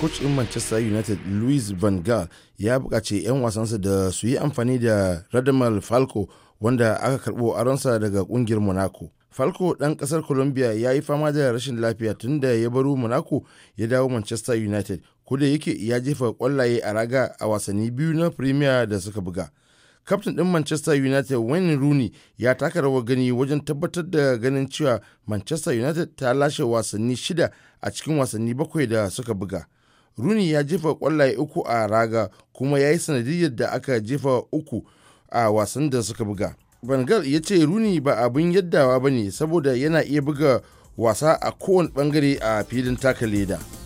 coach in manchester united louis van gaal ya buƙaci 'yan wasansa da su yi amfani da radamel falco wanda aka karɓo aronsa daga ƙungiyar monaco falco ɗan ƙasar colombia ya yi fama da rashin lafiya tun da ya baro monaco ya dawo manchester united kuda yake ya jefa ƙwallaye a raga a wasanni biyu na premier da suka buga kaftin ɗin manchester united wayne rooney ya taka rawar gani wajen tabbatar da ganin cewa manchester united ta lashe wasanni shida a cikin wasanni bakwai da suka buga runi ya jefa kwallaye uku a raga kuma ya yi sanadiyar da aka jefa uku a wasan da suka buga. Bangal ya ce runi ba abin yaddawa ba ne saboda yana iya buga wasa a kowane bangare a filin taka leda.